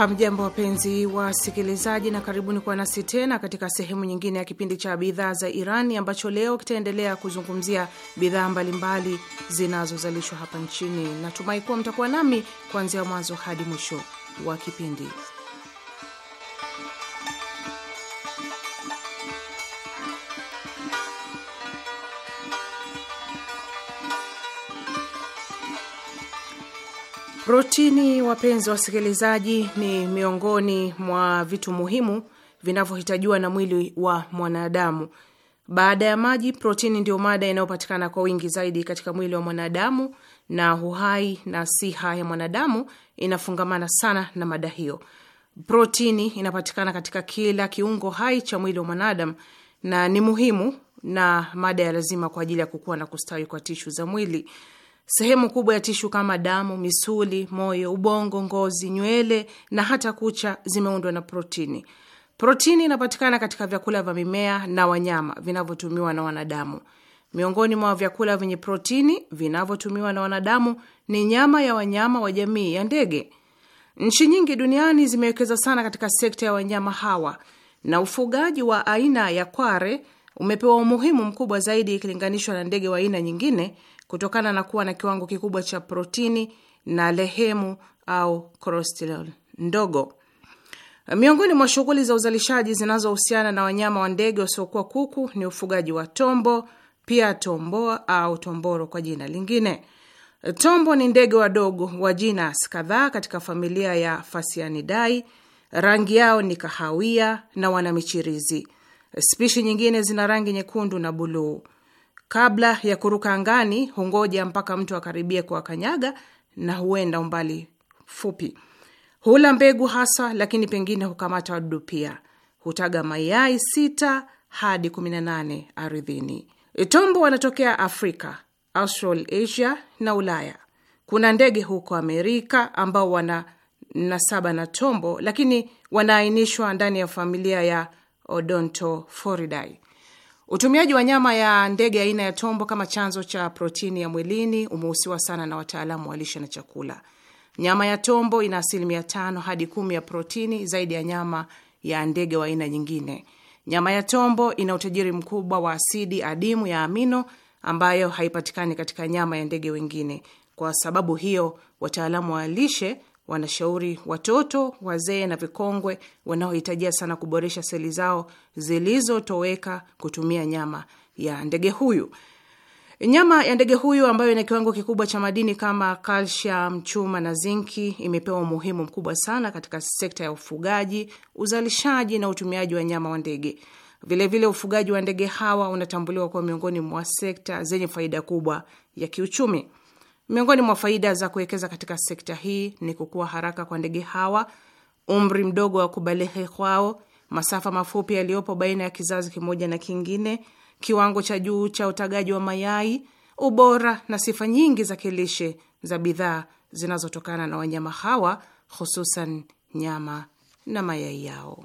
[SPEAKER 5] Hamjambo, wapenzi wasikilizaji, na karibuni kuwa nasi tena katika sehemu nyingine ya kipindi cha bidhaa za Irani ambacho leo kitaendelea kuzungumzia bidhaa mbalimbali zinazozalishwa hapa nchini. Natumai kuwa mtakuwa nami kuanzia mwanzo hadi mwisho wa kipindi. Protini, wapenzi wasikilizaji, ni miongoni mwa vitu muhimu vinavyohitajiwa na mwili wa mwanadamu. Baada ya maji, protini ndio mada inayopatikana kwa wingi zaidi katika mwili wa mwanadamu, na uhai na siha ya mwanadamu inafungamana sana na mada hiyo. Protini inapatikana katika kila kiungo hai cha mwili wa mwanadamu na ni muhimu na mada ya lazima kwa ajili ya kukua na kustawi kwa tishu za mwili. Sehemu kubwa ya tishu kama damu, misuli, moyo, ubongo, ngozi, nywele na hata kucha zimeundwa na protini. Protini inapatikana katika vyakula vya mimea na wanyama vinavyotumiwa na wanadamu. Miongoni mwa vyakula vyenye protini vinavyotumiwa na wanadamu ni nyama ya wanyama wa jamii ya ndege. Nchi nyingi duniani zimewekeza sana katika sekta ya wanyama hawa na ufugaji wa aina ya kware umepewa umuhimu mkubwa zaidi ikilinganishwa na ndege wa aina nyingine kutokana na kuwa na kiwango kikubwa cha protini na lehemu au cholesterol ndogo. Miongoni mwa shughuli za uzalishaji zinazohusiana na wanyama wa ndege wasiokuwa kuku ni ufugaji wa tombo, pia tomboa au tomboro kwa jina lingine. Tombo ni ndege wadogo wa genus kadhaa katika familia ya fasianidai Rangi yao ni kahawia na wana michirizi. Spishi nyingine zina rangi nyekundu na buluu. Kabla ya kuruka angani, hungoja mpaka mtu akaribie kuwakanyaga na huenda umbali fupi. Hula mbegu hasa, lakini pengine hukamata wadudu pia. Hutaga mayai sita hadi 18 ardhini. Tombo wanatokea Afrika, Australasia na Ulaya. Kuna ndege huko Amerika ambao wana nasaba na tombo, lakini wanaainishwa ndani ya familia ya Odontoforidae. Utumiaji wa nyama ya ndege aina ya tombo kama chanzo cha protini ya mwilini umehusiwa sana na wataalamu wa lishe na chakula. Nyama ya tombo ina asilimia tano hadi kumi ya protini zaidi ya nyama ya ndege wa aina nyingine. Nyama ya tombo ina utajiri mkubwa wa asidi adimu ya amino ambayo haipatikani katika nyama ya ndege wengine. Kwa sababu hiyo, wataalamu wa lishe wanashauri watoto, wazee na vikongwe wanaohitajia sana kuboresha seli zao zilizotoweka kutumia nyama ya ndege huyu. Nyama ya ndege huyu ambayo ina kiwango kikubwa cha madini kama kalsiamu, chuma na zinki imepewa umuhimu mkubwa sana katika sekta ya ufugaji, uzalishaji na utumiaji wa nyama wa ndege. Vilevile, ufugaji wa ndege hawa unatambuliwa kuwa miongoni mwa sekta zenye faida kubwa ya kiuchumi. Miongoni mwa faida za kuwekeza katika sekta hii ni kukua haraka kwa ndege hawa, umri mdogo wa kubalehe kwao, masafa mafupi yaliyopo baina ya kizazi kimoja na kingine, kiwango cha juu cha utagaji wa mayai, ubora na sifa nyingi za kilishe za bidhaa zinazotokana na wanyama hawa, hususan nyama na mayai yao.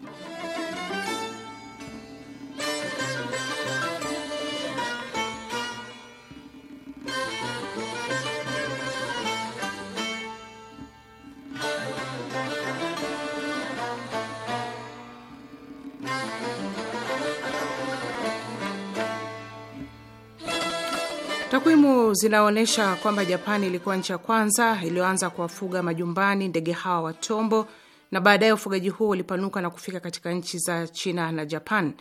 [SPEAKER 5] Takwimu zinaonyesha kwamba Japani ilikuwa nchi ya kwanza iliyoanza kuwafuga majumbani ndege hawa wa tombo, na baadaye ufugaji huo ulipanuka na kufika katika nchi za China na Japan.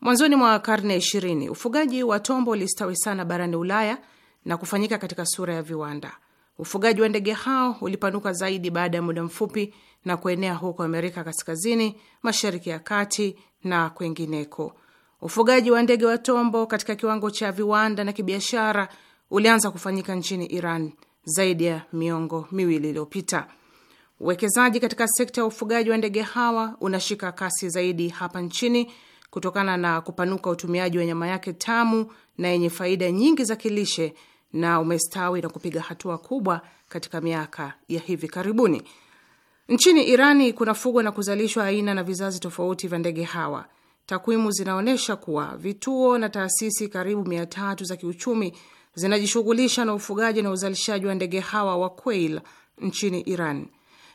[SPEAKER 5] Mwanzoni mwa karne ya ishirini, ufugaji wa tombo ulistawi sana barani Ulaya na kufanyika katika sura ya viwanda. Ufugaji wa ndege hao ulipanuka zaidi baada ya muda mfupi na kuenea huko Amerika Kaskazini, Mashariki ya Kati na kwengineko. Ufugaji wa ndege wa tombo katika kiwango cha viwanda na kibiashara ulianza kufanyika nchini Iran zaidi ya miongo miwili iliyopita. Uwekezaji katika sekta ya ufugaji wa ndege hawa unashika kasi zaidi hapa nchini kutokana na kupanuka utumiaji wa nyama yake tamu na yenye faida nyingi za kilishe na umestawi na kupiga hatua kubwa katika miaka ya hivi karibuni. Nchini Irani kuna fugwa na kuzalishwa aina na vizazi tofauti vya ndege hawa. Takwimu zinaonyesha kuwa vituo na taasisi karibu mia tatu za kiuchumi zinajishughulisha na ufugaji na uzalishaji wa ndege hawa wa quail nchini Iran.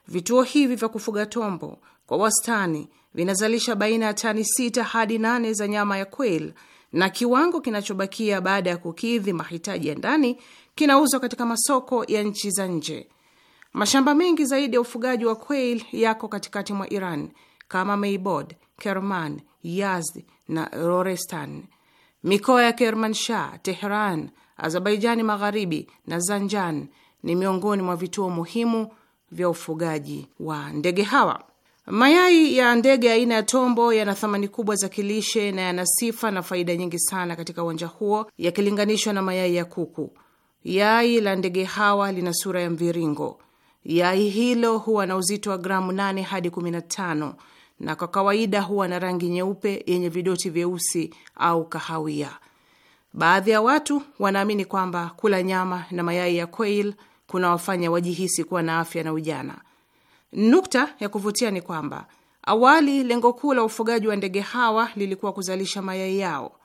[SPEAKER 5] Vituo hivi vya kufuga tombo kwa wastani vinazalisha baina ya tani sita hadi nane za nyama ya quail, na kiwango kinachobakia baada ya kukidhi mahitaji ya ndani kinauzwa katika masoko ya nchi za nje. Mashamba mengi zaidi ya ufugaji wa quail yako katikati mwa Iran kama Maybod, Kerman, Yazd na Rorestan. Mikoa ya Kermanshah, Tehran, Azerbaijani Magharibi na Zanjan ni miongoni mwa vituo muhimu vya ufugaji wa ndege hawa. Mayai ya ndege aina ya tombo yana thamani kubwa za kilishe na yana sifa na faida nyingi sana katika uwanja huo yakilinganishwa na mayai ya kuku. Yai la ndege hawa lina sura ya mviringo. Yai hilo huwa na uzito wa gramu 8 hadi 15 na kwa kawaida huwa na rangi nyeupe yenye vidoti vyeusi au kahawia. Baadhi ya watu wanaamini kwamba kula nyama na mayai ya quail kunawafanya wajihisi kuwa na afya na ujana. Nukta ya kuvutia ni kwamba awali lengo kuu la ufugaji wa ndege hawa lilikuwa kuzalisha mayai yao.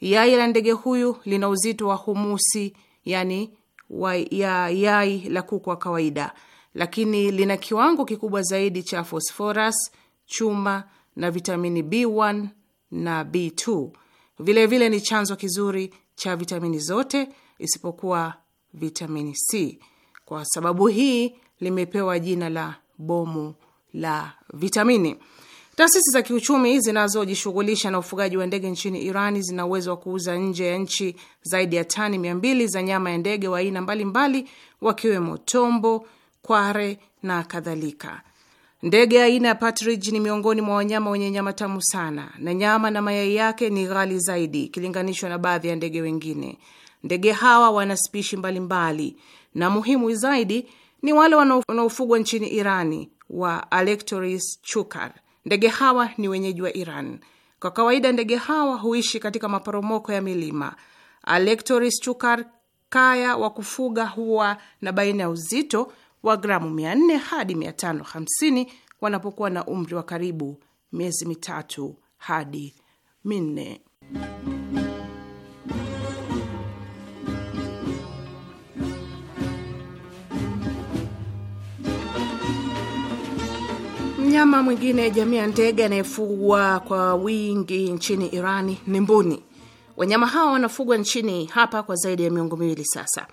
[SPEAKER 5] Yai la ndege huyu lina uzito wa humusi, yani wa ya yai la kuku wa kawaida, lakini lina kiwango kikubwa zaidi cha phosphorus chuma na vitamini B1 na B2. Vilevile vile ni chanzo kizuri cha vitamini zote isipokuwa vitamini C. Kwa sababu hii limepewa jina la bomu la vitamini. Taasisi za kiuchumi zinazojishughulisha na ufugaji wa ndege nchini iran zina uwezo wa kuuza nje ya nchi zaidi ya tani mia mbili za nyama ya ndege wa aina mbalimbali wakiwemo tombo, kware na kadhalika. Ndege aina ya partridge ni miongoni mwa wanyama wenye nyama tamu sana, na nyama na mayai yake ni ghali zaidi ikilinganishwa na baadhi ya ndege wengine. Ndege hawa wana spishi mbalimbali, na muhimu zaidi ni wale wanaofugwa nchini Irani wa Alectoris chukar. Ndege hawa ni wenyeji wa Iran. Kwa kawaida, ndege hawa huishi katika maporomoko ya milima. Alectoris chukar kaya wa kufuga huwa na baina ya uzito wa gramu 400 hadi 550 wanapokuwa na umri wa karibu miezi mitatu hadi minne. Mnyama mwingine jamii ya ndege anayefugwa kwa wingi nchini Irani ni mbuni. Wanyama hawa wanafugwa nchini hapa kwa zaidi ya miongo miwili sasa.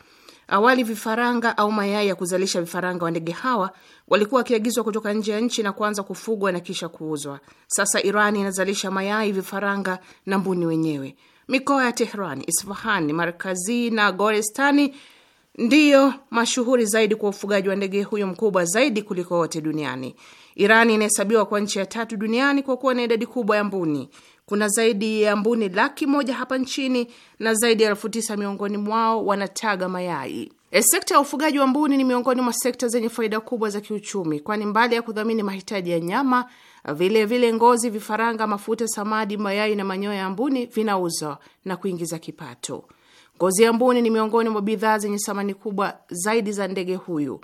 [SPEAKER 5] Awali vifaranga au mayai ya kuzalisha vifaranga wa ndege hawa walikuwa wakiagizwa kutoka nje ya nchi na kuanza kufugwa na kisha kuuzwa. Sasa Iran inazalisha mayai, vifaranga na mbuni wenyewe. Mikoa ya Tehran, Isfahan, Markazi na gorestani ndiyo mashuhuri zaidi kwa ufugaji wa ndege huyo mkubwa zaidi kuliko wote duniani. Iran inahesabiwa kwa nchi ya tatu duniani kwa kuwa na idadi kubwa ya mbuni. Kuna zaidi ya mbuni laki moja hapa nchini na zaidi ya elfu tisa miongoni mwao wanataga mayai. E, sekta ya ufugaji wa mbuni ni miongoni mwa sekta zenye faida kubwa za kiuchumi, kwani mbali ya kudhamini mahitaji ya nyama, vilevile vile ngozi, vifaranga, mafuta, samadi, mayai na manyoya ya mbuni vinauzwa na kuingiza kipato. Ngozi ya mbuni ni miongoni mwa bidhaa zenye thamani kubwa zaidi za ndege huyu.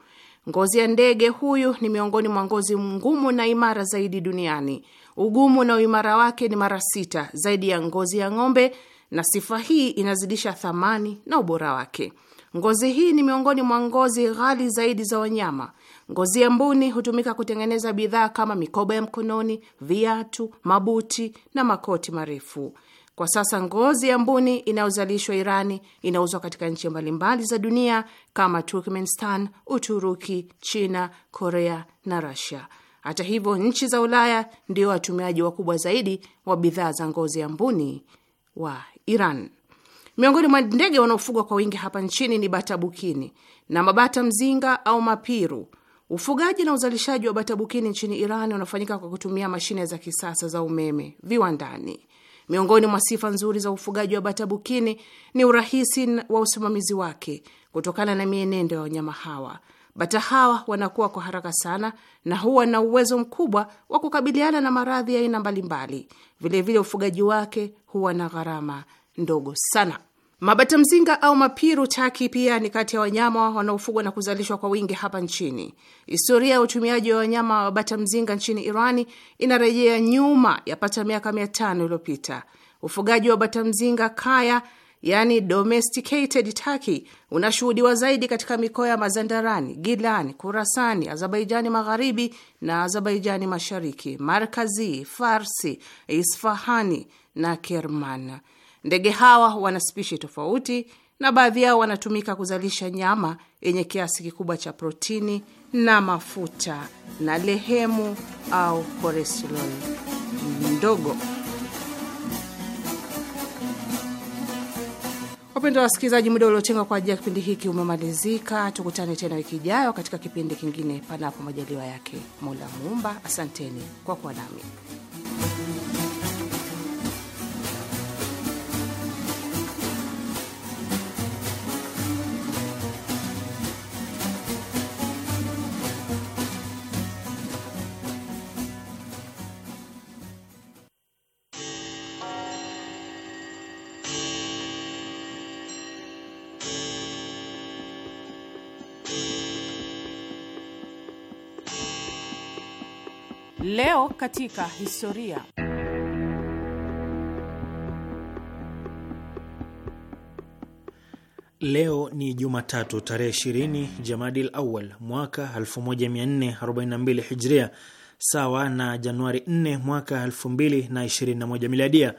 [SPEAKER 5] Ngozi ya ndege huyu ni miongoni mwa ngozi ngumu na imara zaidi duniani. Ugumu na uimara wake ni mara sita zaidi ya ngozi ya ng'ombe, na sifa hii inazidisha thamani na ubora wake. Ngozi hii ni miongoni mwa ngozi ghali zaidi za wanyama. Ngozi ya mbuni hutumika kutengeneza bidhaa kama mikoba ya mkononi, viatu, mabuti na makoti marefu. Kwa sasa ngozi ya mbuni inayozalishwa Irani inauzwa katika nchi mbalimbali za dunia kama Turkmenistan, Uturuki, China, Korea na Rasia. Hata hivyo, nchi za Ulaya ndio watumiaji wakubwa zaidi wa bidhaa za ngozi ya mbuni wa Iran. Miongoni mwa ndege wanaofugwa kwa wingi hapa nchini ni bata bukini na mabata mzinga au mapiru. Ufugaji na uzalishaji wa bata bukini nchini Iran unafanyika kwa kutumia mashine za kisasa za umeme viwandani. Miongoni mwa sifa nzuri za ufugaji wa bata bukini ni urahisi wa usimamizi wake kutokana na mienendo ya wanyama hawa. Bata hawa wanakuwa kwa haraka sana na huwa na uwezo mkubwa wa kukabiliana na maradhi ya aina mbalimbali. Vilevile ufugaji wake huwa na gharama ndogo sana. Mabata mzinga au mapiru taki pia ni kati ya wanyama wanaofugwa na kuzalishwa kwa wingi hapa nchini. Historia ya utumiaji wa wanyama wa bata mzinga nchini Irani inarejea nyuma yapata miaka mia tano iliyopita. Ufugaji wa bata mzinga kaya yani domesticated turkey unashuhudiwa zaidi katika mikoa ya Mazandarani, Gilani, Kurasani, Azerbaijani Magharibi na Azerbaijani Mashariki, Markazi, Farsi, Isfahani na Kerman. Ndege hawa wana spishi tofauti na baadhi yao wanatumika kuzalisha nyama yenye kiasi kikubwa cha protini na mafuta na lehemu au kolesterol ndogo. Wapendwa wasikilizaji, muda uliotengwa kwa ajili ya kipindi hiki umemalizika. Tukutane tena wiki ijayo katika kipindi kingine, panapo majaliwa yake Mola Muumba. Asanteni kwa kuwa nami. Leo katika historia.
[SPEAKER 6] Leo ni Jumatatu tarehe 20 Jamadil Awal mwaka 1442 Hijria, sawa na Januari 4 mwaka 2021 Miladia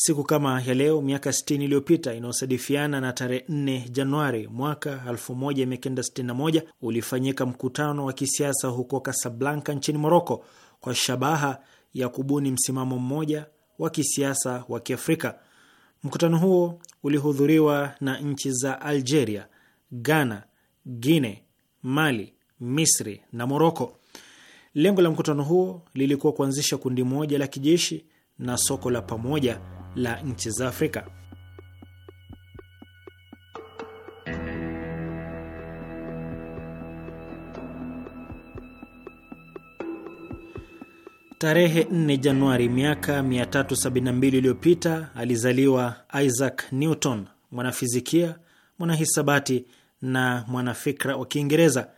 [SPEAKER 6] siku kama ya leo miaka 60 iliyopita inayosadifiana na tarehe 4 Januari mwaka 1961 ulifanyika mkutano wa kisiasa huko Kasablanka nchini Moroko kwa shabaha ya kubuni msimamo mmoja wa kisiasa wa Kiafrika. Mkutano huo ulihudhuriwa na nchi za Algeria, Ghana, Guinea, Mali, Misri na Moroko. Lengo la mkutano huo lilikuwa kuanzisha kundi moja la kijeshi na soko la pamoja la nchi za Afrika. Tarehe 4 Januari miaka 372 iliyopita alizaliwa Isaac Newton, mwanafizikia, mwanahisabati na mwanafikra wa Kiingereza.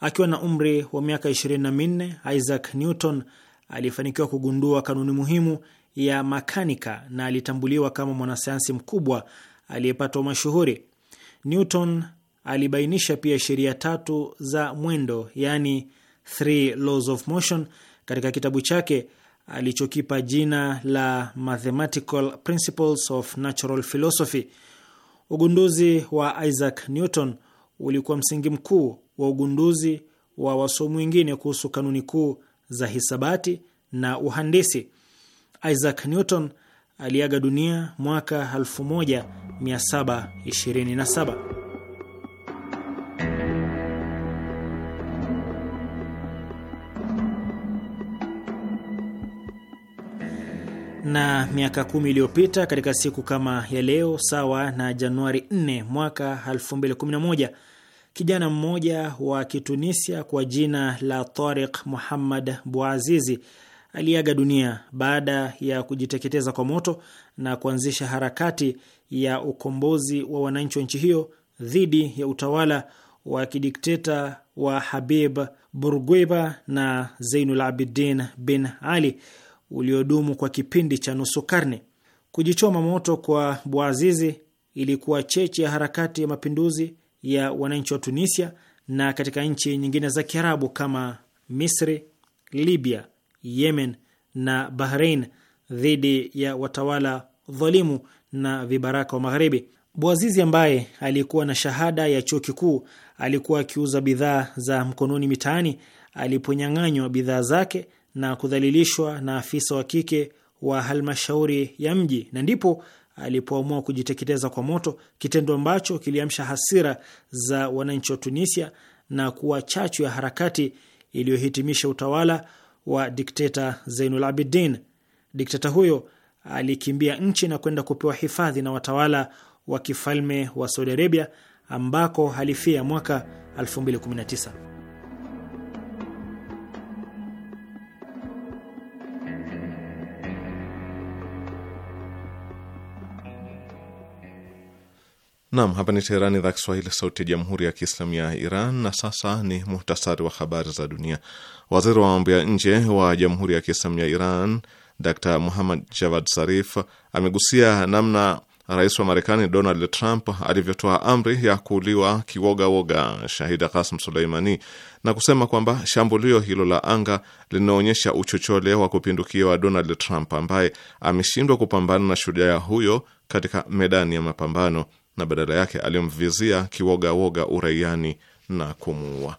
[SPEAKER 6] Akiwa na umri wa miaka 24, Isaac Newton alifanikiwa kugundua kanuni muhimu ya makanika na alitambuliwa kama mwanasayansi mkubwa aliyepata mashuhuri. Newton alibainisha pia sheria tatu za mwendo, yani three laws of motion, katika kitabu chake alichokipa jina la Mathematical Principles of Natural Philosophy. Ugunduzi wa Isaac Newton ulikuwa msingi mkuu wa ugunduzi wa wasomi wengine kuhusu kanuni kuu za hisabati na uhandisi. Isaac Newton aliaga dunia mwaka 1727. na miaka kumi iliyopita katika siku kama ya leo, sawa na Januari 4 mwaka 2011, kijana mmoja wa Kitunisia kwa jina la Tariq Muhammad Bouazizi aliaga dunia baada ya kujiteketeza kwa moto na kuanzisha harakati ya ukombozi wa wananchi wa nchi hiyo dhidi ya utawala wa kidikteta wa Habib Burguiba na Zeinul Abidin bin Ali uliodumu kwa kipindi cha nusu karne. Kujichoma moto kwa buazizi ilikuwa cheche ya harakati ya mapinduzi ya wananchi wa Tunisia na katika nchi nyingine za Kiarabu kama Misri, Libya, Yemen na Bahrain dhidi ya watawala dhalimu na vibaraka wa Magharibi. Bwazizi ambaye alikuwa na shahada ya chuo kikuu alikuwa akiuza bidhaa za mkononi mitaani aliponyang'anywa bidhaa zake na kudhalilishwa na afisa wa kike wa halmashauri ya mji, na ndipo alipoamua kujiteketeza kwa moto, kitendo ambacho kiliamsha hasira za wananchi wa Tunisia na kuwa chachu ya harakati iliyohitimisha utawala wa dikteta Zeinul Abidin. Dikteta huyo alikimbia nchi na kwenda kupewa hifadhi na watawala wa kifalme wa Saudi Arabia ambako halifia mwaka 2019.
[SPEAKER 3] Nam, hapa ni Teherani, idhaa Kiswahili, sauti ya jamhuri ya kiislamu ya Iran. Na sasa ni muhtasari wa habari za dunia. Waziri wa mambo ya nje wa jamhuri ya kiislamu ya Iran Dr Muhammad Javad Zarif amegusia namna rais wa Marekani Donald Trump alivyotoa amri ya kuuliwa kiwogawoga shahida Kasim Suleimani na kusema kwamba shambulio hilo la anga linaonyesha uchochole wa kupindukia wa Donald Trump ambaye ameshindwa kupambana na shujaa huyo katika medani ya mapambano na badala yake alimvizia kiwogawoga uraiani na kumuua.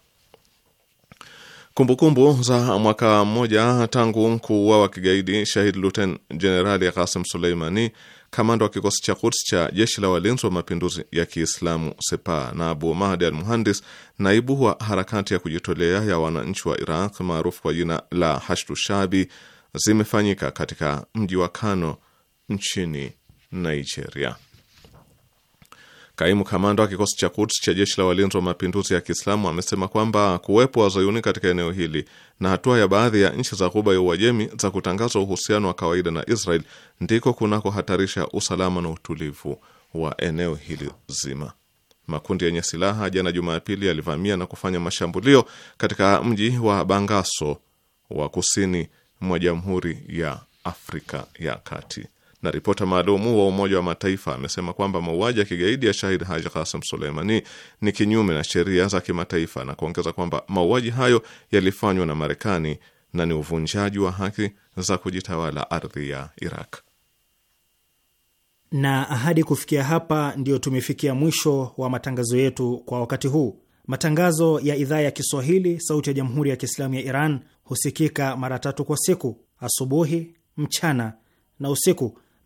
[SPEAKER 3] Kumbukumbu za mwaka mmoja tangu kuuawa kigaidi shahid luten jenerali Qasim Suleimani, kamanda wa kikosi cha Quds cha jeshi la walinzi wa mapinduzi ya Kiislamu Sepa, na Abu Mahdi al Muhandis, naibu wa harakati ya kujitolea ya wananchi wa Iraq maarufu kwa jina la Hashdu Shabi, zimefanyika katika mji wa Kano nchini Nigeria. Kaimu kamanda wa kikosi cha Quds cha jeshi la walinzi wa mapinduzi ya Kiislamu amesema kwamba kuwepo wazayuni katika eneo hili na hatua ya baadhi ya nchi za Ghuba ya Uajemi za kutangaza uhusiano wa kawaida na Israel ndiko kunakohatarisha usalama na utulivu wa eneo hili zima. Makundi yenye silaha jana Jumapili yalivamia na kufanya mashambulio katika mji wa Bangaso wa kusini mwa Jamhuri ya Afrika ya Kati na ripota maalumu wa Umoja wa Mataifa amesema kwamba mauaji ya kigaidi ya shahid Haji Qasim Suleimani ni kinyume na sheria za kimataifa na kuongeza kwamba mauaji hayo yalifanywa na Marekani na ni uvunjaji wa haki za kujitawala ardhi ya Iraq.
[SPEAKER 6] Na ahadi kufikia hapa, ndiyo tumefikia mwisho wa matangazo yetu kwa wakati huu. Matangazo ya idhaa ya Kiswahili sauti ya jamhuri ya Kiislamu ya Iran husikika mara tatu kwa siku: asubuhi, mchana na usiku.